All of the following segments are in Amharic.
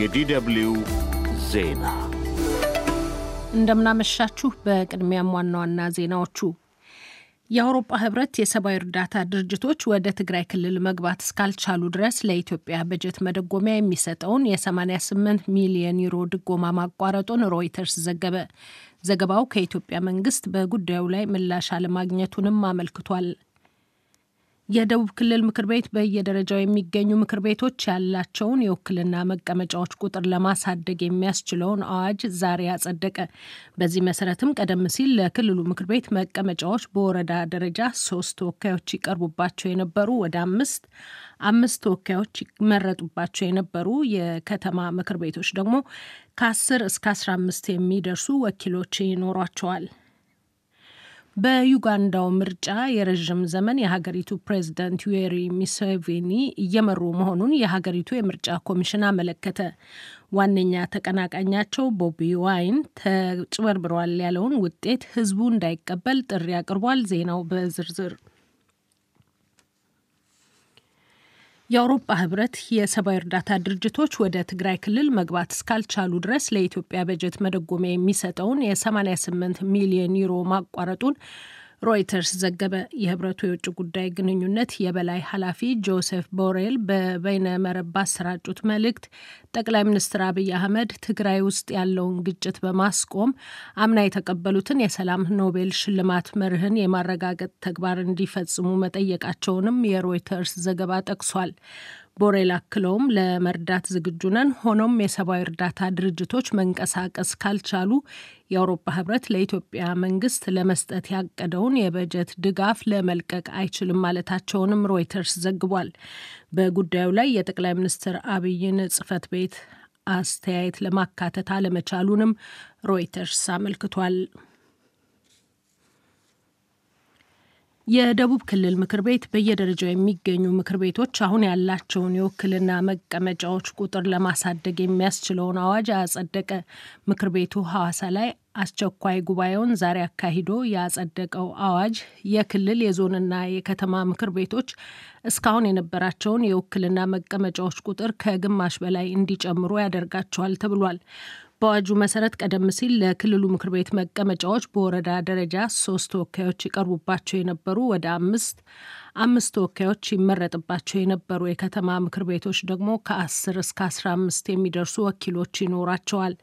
የዲደብልዩ ዜና እንደምናመሻችሁ። በቅድሚያም ዋና ዋና ዜናዎቹ የአውሮፓ ህብረት የሰብአዊ እርዳታ ድርጅቶች ወደ ትግራይ ክልል መግባት እስካልቻሉ ድረስ ለኢትዮጵያ በጀት መደጎሚያ የሚሰጠውን የ88 ሚሊዮን ዩሮ ድጎማ ማቋረጡን ሮይተርስ ዘገበ። ዘገባው ከኢትዮጵያ መንግስት በጉዳዩ ላይ ምላሽ አለማግኘቱንም አመልክቷል። የደቡብ ክልል ምክር ቤት በየደረጃው የሚገኙ ምክር ቤቶች ያላቸውን የውክልና መቀመጫዎች ቁጥር ለማሳደግ የሚያስችለውን አዋጅ ዛሬ አጸደቀ። በዚህ መሰረትም ቀደም ሲል ለክልሉ ምክር ቤት መቀመጫዎች በወረዳ ደረጃ ሶስት ተወካዮች ይቀርቡባቸው የነበሩ ወደ አምስት አምስት ተወካዮች ይመረጡባቸው የነበሩ የከተማ ምክር ቤቶች ደግሞ ከአስር እስከ አስራ አምስት የሚደርሱ ወኪሎች ይኖሯቸዋል። በዩጋንዳው ምርጫ የረዥም ዘመን የሀገሪቱ ፕሬዝዳንት ዩዌሪ ሚሴቬኒ እየመሩ መሆኑን የሀገሪቱ የምርጫ ኮሚሽን አመለከተ። ዋነኛ ተቀናቃኛቸው ቦቢ ዋይን ተጭበርብሯል ያለውን ውጤት ህዝቡ እንዳይቀበል ጥሪ አቅርቧል። ዜናው በዝርዝር የአውሮፓ ህብረት የሰብአዊ እርዳታ ድርጅቶች ወደ ትግራይ ክልል መግባት እስካልቻሉ ድረስ ለኢትዮጵያ በጀት መደጎሚያ የሚሰጠውን የ88 ሚሊዮን ዩሮ ማቋረጡን ሮይተርስ ዘገበ። የህብረቱ የውጭ ጉዳይ ግንኙነት የበላይ ኃላፊ ጆሴፍ ቦሬል በበይነ መረብ ባሰራጩት መልእክት ጠቅላይ ሚኒስትር አብይ አህመድ ትግራይ ውስጥ ያለውን ግጭት በማስቆም አምና የተቀበሉትን የሰላም ኖቤል ሽልማት መርህን የማረጋገጥ ተግባር እንዲፈጽሙ መጠየቃቸውንም የሮይተርስ ዘገባ ጠቅሷል። ቦሬል አክለውም ለመርዳት ዝግጁ ነን፣ ሆኖም የሰብአዊ እርዳታ ድርጅቶች መንቀሳቀስ ካልቻሉ የአውሮፓ ህብረት ለኢትዮጵያ መንግስት ለመስጠት ያቀደውን የበጀት ድጋፍ ለመልቀቅ አይችልም ማለታቸውንም ሮይተርስ ዘግቧል። በጉዳዩ ላይ የጠቅላይ ሚኒስትር አብይን ጽህፈት ቤት አስተያየት ለማካተት አለመቻሉንም ሮይተርስ አመልክቷል። የደቡብ ክልል ምክር ቤት በየደረጃው የሚገኙ ምክር ቤቶች አሁን ያላቸውን የውክልና መቀመጫዎች ቁጥር ለማሳደግ የሚያስችለውን አዋጅ አጸደቀ። ምክር ቤቱ ሐዋሳ ላይ አስቸኳይ ጉባኤውን ዛሬ አካሂዶ ያጸደቀው አዋጅ የክልል የዞንና የከተማ ምክር ቤቶች እስካሁን የነበራቸውን የውክልና መቀመጫዎች ቁጥር ከግማሽ በላይ እንዲጨምሩ ያደርጋቸዋል ተብሏል። በአዋጁ መሰረት ቀደም ሲል ለክልሉ ምክር ቤት መቀመጫዎች በወረዳ ደረጃ ሶስት ተወካዮች ይቀርቡባቸው የነበሩ ወደ አምስት አምስት ተወካዮች ይመረጥባቸው የነበሩ የከተማ ምክር ቤቶች ደግሞ ከአስር እስከ አስራ አምስት የሚደርሱ ወኪሎች ይኖራቸዋል።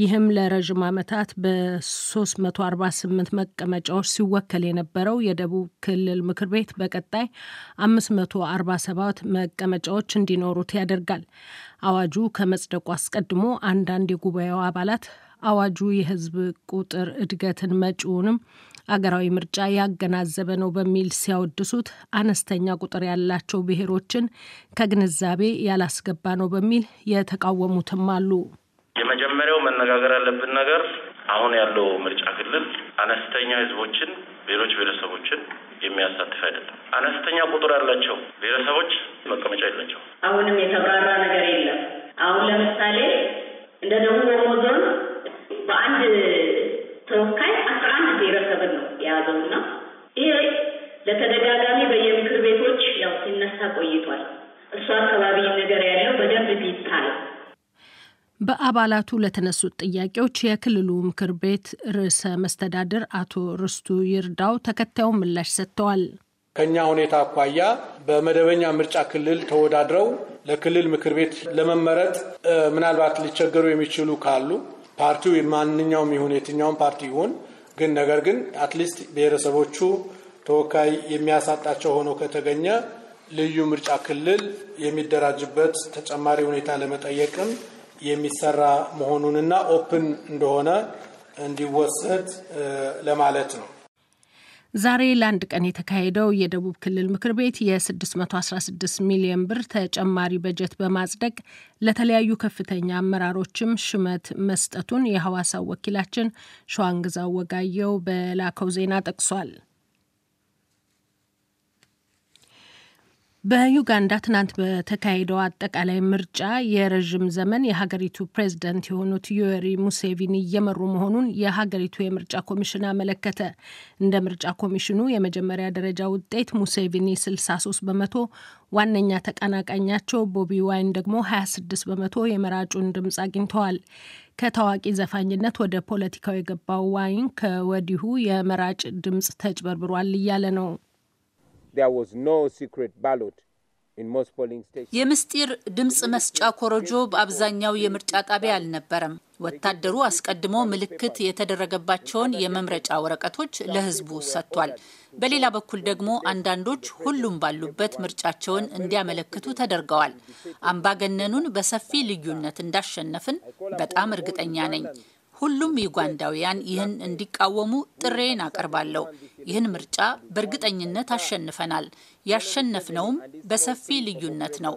ይህም ለረዥም ዓመታት በ348 መቀመጫዎች ሲወከል የነበረው የደቡብ ክልል ምክር ቤት በቀጣይ 547 መቀመጫዎች እንዲኖሩት ያደርጋል። አዋጁ ከመጽደቁ አስቀድሞ አንዳንድ የጉባኤው አባላት አዋጁ የህዝብ ቁጥር እድገትን መጪውንም አገራዊ ምርጫ ያገናዘበ ነው በሚል ሲያወድሱት አነስተኛ ቁጥር ያላቸው ብሔሮችን ከግንዛቤ ያላስገባ ነው በሚል የተቃወሙትም አሉ። የመጀመሪያው መነጋገር ያለብን ነገር አሁን ያለው ምርጫ ክልል አነስተኛ ህዝቦችን፣ ሌሎች ብሔረሰቦችን የሚያሳትፍ አይደለም። አነስተኛ ቁጥር ያላቸው ብሔረሰቦች መቀመጫ የላቸው። አሁንም የተብራራ ነገር የለም። አሁን ለምሳሌ እንደ ደቡብ ኦሞ አባላቱ ለተነሱት ጥያቄዎች የክልሉ ምክር ቤት ርዕሰ መስተዳድር አቶ ርስቱ ይርዳው ተከታዩ ምላሽ ሰጥተዋል። ከኛ ሁኔታ አኳያ በመደበኛ ምርጫ ክልል ተወዳድረው ለክልል ምክር ቤት ለመመረጥ ምናልባት ሊቸገሩ የሚችሉ ካሉ ፓርቲው ማንኛውም ይሁን የትኛውም ፓርቲ ይሁን ግን ነገር ግን አትሊስት ብሔረሰቦቹ ተወካይ የሚያሳጣቸው ሆኖ ከተገኘ ልዩ ምርጫ ክልል የሚደራጅበት ተጨማሪ ሁኔታ ለመጠየቅም የሚሰራ መሆኑንና ኦፕን እንደሆነ እንዲወሰድ ለማለት ነው። ዛሬ ለአንድ ቀን የተካሄደው የደቡብ ክልል ምክር ቤት የ616 ሚሊዮን ብር ተጨማሪ በጀት በማጽደቅ ለተለያዩ ከፍተኛ አመራሮችም ሹመት መስጠቱን የሐዋሳው ወኪላችን ሸዋንግዛው ወጋየው በላከው ዜና ጠቅሷል። በዩጋንዳ ትናንት በተካሄደው አጠቃላይ ምርጫ የረዥም ዘመን የሀገሪቱ ፕሬዝደንት የሆኑት ዩዌሪ ሙሴቪኒ እየመሩ መሆኑን የሀገሪቱ የምርጫ ኮሚሽን አመለከተ። እንደ ምርጫ ኮሚሽኑ የመጀመሪያ ደረጃ ውጤት ሙሴቪኒ 63 በመቶ፣ ዋነኛ ተቀናቃኛቸው ቦቢ ዋይን ደግሞ 26 በመቶ የመራጩን ድምፅ አግኝተዋል። ከታዋቂ ዘፋኝነት ወደ ፖለቲካው የገባው ዋይን ከወዲሁ የመራጭ ድምፅ ተጭበርብሯል እያለ ነው። የምስጢር ድምፅ መስጫ ኮረጆ በአብዛኛው የምርጫ ጣቢያ አልነበረም። ወታደሩ አስቀድሞ ምልክት የተደረገባቸውን የመምረጫ ወረቀቶች ለሕዝቡ ሰጥቷል። በሌላ በኩል ደግሞ አንዳንዶች ሁሉም ባሉበት ምርጫቸውን እንዲያመለክቱ ተደርገዋል። አምባገነኑን በሰፊ ልዩነት እንዳሸነፍን በጣም እርግጠኛ ነኝ። ሁሉም ዩጋንዳውያን ይህን እንዲቃወሙ ጥሬን አቀርባለሁ። ይህን ምርጫ በእርግጠኝነት አሸንፈናል። ያሸነፍነውም በሰፊ ልዩነት ነው።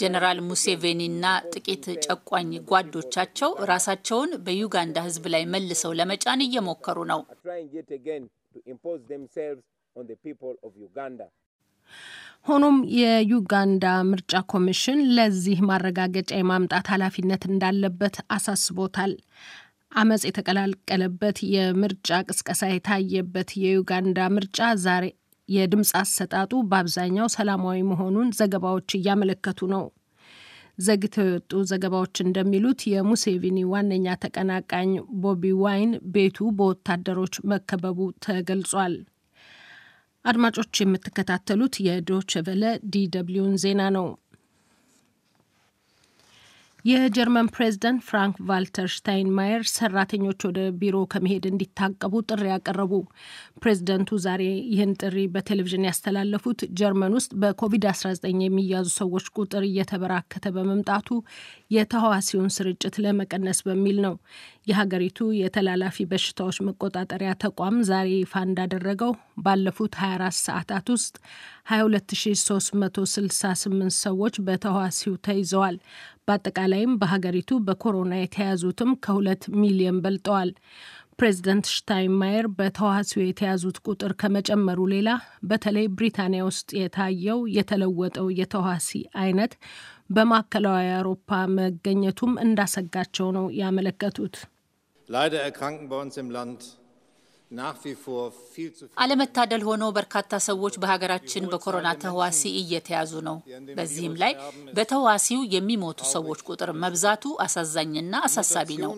ጀነራል ሙሴቬኒና ጥቂት ጨቋኝ ጓዶቻቸው ራሳቸውን በዩጋንዳ ሕዝብ ላይ መልሰው ለመጫን እየሞከሩ ነው። ሆኖም የዩጋንዳ ምርጫ ኮሚሽን ለዚህ ማረጋገጫ የማምጣት ኃላፊነት እንዳለበት አሳስቦታል። አመፅ የተቀላቀለበት የምርጫ ቅስቀሳ የታየበት የዩጋንዳ ምርጫ ዛሬ የድምፅ አሰጣጡ በአብዛኛው ሰላማዊ መሆኑን ዘገባዎች እያመለከቱ ነው። ዘግተው የወጡ ዘገባዎች እንደሚሉት የሙሴቪኒ ዋነኛ ተቀናቃኝ ቦቢ ዋይን ቤቱ በወታደሮች መከበቡ ተገልጿል። አድማጮች የምትከታተሉት የዶችቨለ ዲ ዜና ነው። የጀርመን ፕሬዝደንት ፍራንክ ቫልተር ሽታይንማየር ሰራተኞች ወደ ቢሮ ከመሄድ እንዲታቀቡ ጥሪ ያቀረቡ። ፕሬዝደንቱ ዛሬ ይህን ጥሪ በቴሌቪዥን ያስተላለፉት ጀርመን ውስጥ በኮቪድ-19 የሚያዙ ሰዎች ቁጥር እየተበራከተ በመምጣቱ የተህዋሲውን ስርጭት ለመቀነስ በሚል ነው። የሀገሪቱ የተላላፊ በሽታዎች መቆጣጠሪያ ተቋም ዛሬ ይፋ እንዳደረገው ባለፉት 24 ሰዓታት ውስጥ 22368 ሰዎች በተዋሲው ተይዘዋል። በአጠቃላይም በሀገሪቱ በኮሮና የተያዙትም ከሁለት ሚሊዮን በልጠዋል። ፕሬዚደንት ሽታይንማየር በተዋሲው የተያዙት ቁጥር ከመጨመሩ ሌላ በተለይ ብሪታንያ ውስጥ የታየው የተለወጠው የተዋሲ አይነት በማዕከላዊ አውሮፓ መገኘቱም እንዳሰጋቸው ነው ያመለከቱት። አለመታደል ሆኖ በርካታ ሰዎች በሀገራችን በኮሮና ተህዋሲ እየተያዙ ነው። በዚህም ላይ በተህዋሲው የሚሞቱ ሰዎች ቁጥር መብዛቱ አሳዛኝና አሳሳቢ ነው።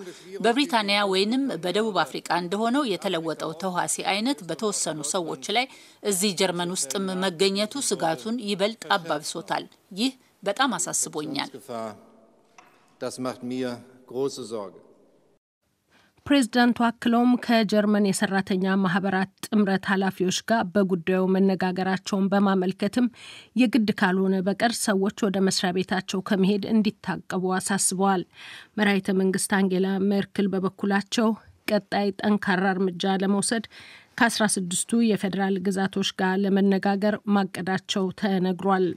በብሪታንያ ወይንም በደቡብ አፍሪቃ እንደሆነው የተለወጠው ተህዋሲ አይነት በተወሰኑ ሰዎች ላይ እዚህ ጀርመን ውስጥም መገኘቱ ስጋቱን ይበልጥ አባብሶታል። ይህ በጣም አሳስቦኛል። ፕሬዝዳንቱ አክለውም ከጀርመን የሰራተኛ ማህበራት ጥምረት ኃላፊዎች ጋር በጉዳዩ መነጋገራቸውን በማመልከትም የግድ ካልሆነ በቀር ሰዎች ወደ መስሪያ ቤታቸው ከመሄድ እንዲታቀቡ አሳስበዋል። መራሒተ መንግስት አንጌላ ሜርክል በበኩላቸው ቀጣይ ጠንካራ እርምጃ ለመውሰድ ከአስራ ስድስቱ የፌዴራል ግዛቶች ጋር ለመነጋገር ማቀዳቸው ተነግሯል።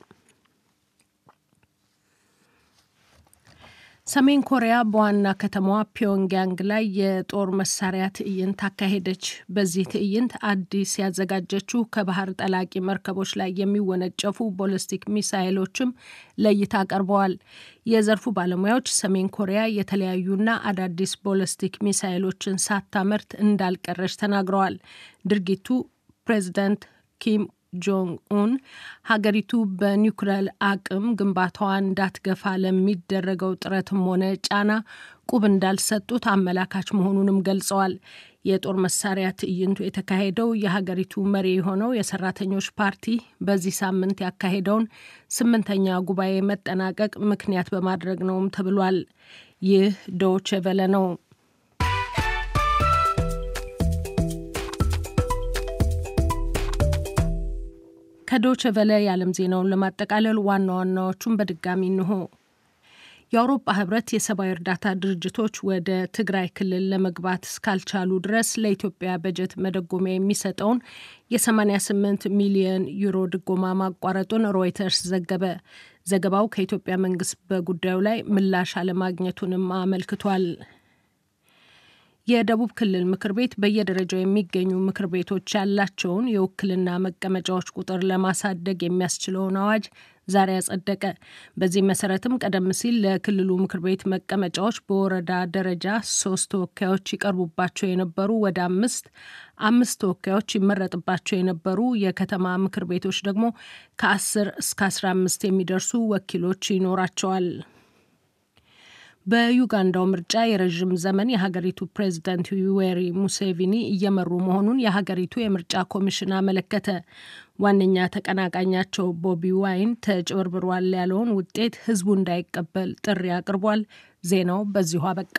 ሰሜን ኮሪያ በዋና ከተማዋ ፒዮንግያንግ ላይ የጦር መሳሪያ ትዕይንት አካሄደች። በዚህ ትዕይንት አዲስ ያዘጋጀችው ከባህር ጠላቂ መርከቦች ላይ የሚወነጨፉ ቦለስቲክ ሚሳይሎችም ለእይታ ቀርበዋል። የዘርፉ ባለሙያዎች ሰሜን ኮሪያ የተለያዩና አዳዲስ ቦለስቲክ ሚሳይሎችን ሳታመርት እንዳልቀረች ተናግረዋል። ድርጊቱ ፕሬዚደንት ኪም ጆንግ ኡን ሀገሪቱ በኒውክለር አቅም ግንባታዋ እንዳትገፋ ለሚደረገው ጥረትም ሆነ ጫና ቁብ እንዳልሰጡት አመላካች መሆኑንም ገልጸዋል። የጦር መሳሪያ ትዕይንቱ የተካሄደው የሀገሪቱ መሪ የሆነው የሰራተኞች ፓርቲ በዚህ ሳምንት ያካሄደውን ስምንተኛ ጉባኤ መጠናቀቅ ምክንያት በማድረግ ነውም ተብሏል። ይህ ዶቼ ቬለ ነው። ከዶች ቨለ የዓለም ዜናውን ለማጠቃለል ዋና ዋናዎቹን በድጋሚ እንሆ። የአውሮፓ ህብረት የሰብአዊ እርዳታ ድርጅቶች ወደ ትግራይ ክልል ለመግባት እስካልቻሉ ድረስ ለኢትዮጵያ በጀት መደጎሚያ የሚሰጠውን የ88 ሚሊዮን ዩሮ ድጎማ ማቋረጡን ሮይተርስ ዘገበ። ዘገባው ከኢትዮጵያ መንግስት በጉዳዩ ላይ ምላሽ አለማግኘቱንም አመልክቷል። የደቡብ ክልል ምክር ቤት በየደረጃው የሚገኙ ምክር ቤቶች ያላቸውን የውክልና መቀመጫዎች ቁጥር ለማሳደግ የሚያስችለውን አዋጅ ዛሬ ያጸደቀ። በዚህ መሰረትም ቀደም ሲል ለክልሉ ምክር ቤት መቀመጫዎች በወረዳ ደረጃ ሶስት ተወካዮች ይቀርቡባቸው የነበሩ ወደ አምስት፣ አምስት ተወካዮች ይመረጥባቸው የነበሩ የከተማ ምክር ቤቶች ደግሞ ከአስር እስከ አስራ አምስት የሚደርሱ ወኪሎች ይኖራቸዋል። በዩጋንዳው ምርጫ የረዥም ዘመን የሀገሪቱ ፕሬዝዳንት ዩዌሪ ሙሴቪኒ እየመሩ መሆኑን የሀገሪቱ የምርጫ ኮሚሽን አመለከተ። ዋነኛ ተቀናቃኛቸው ቦቢ ዋይን ተጭበርብሯል ያለውን ውጤት ህዝቡ እንዳይቀበል ጥሪ አቅርቧል። ዜናው በዚሁ አበቃ።